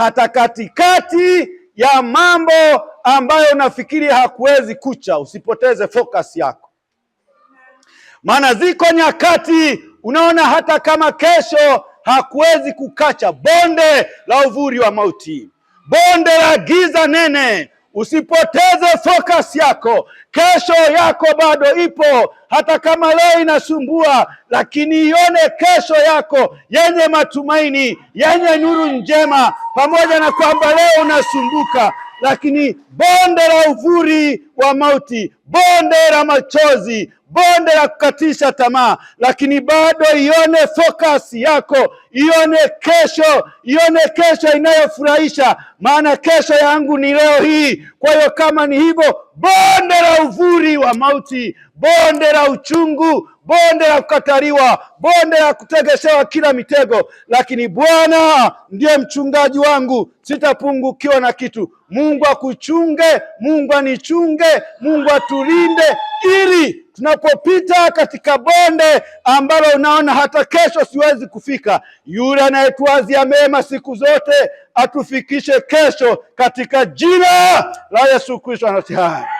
hata katikati ya mambo ambayo unafikiri hakuwezi kucha. Usipoteze focus yako, maana ziko nyakati unaona hata kama kesho hakuwezi kukacha. Bonde la uvuri wa mauti, bonde la giza nene Usipoteze focus yako, kesho yako bado ipo. Hata kama leo inasumbua, lakini ione kesho yako yenye matumaini, yenye nuru njema, pamoja na kwamba leo unasumbuka lakini bonde la uvuri wa mauti, bonde la machozi, bonde la kukatisha tamaa, lakini bado ione focus yako, ione kesho, ione kesho inayofurahisha, maana kesho yangu ni leo hii. Kwa hiyo kama ni hivyo, bonde la uvuri la mauti, bonde la uchungu, bonde la kukataliwa, bonde la kutegeshewa kila mitego, lakini Bwana ndiye mchungaji wangu, sitapungukiwa na kitu. Mungu akuchunge, Mungu anichunge, Mungu atulinde, ili tunapopita katika bonde ambalo unaona hata kesho siwezi kufika, yule anayetuazia mema siku zote atufikishe kesho katika jina la Yesu Kristo anasihai.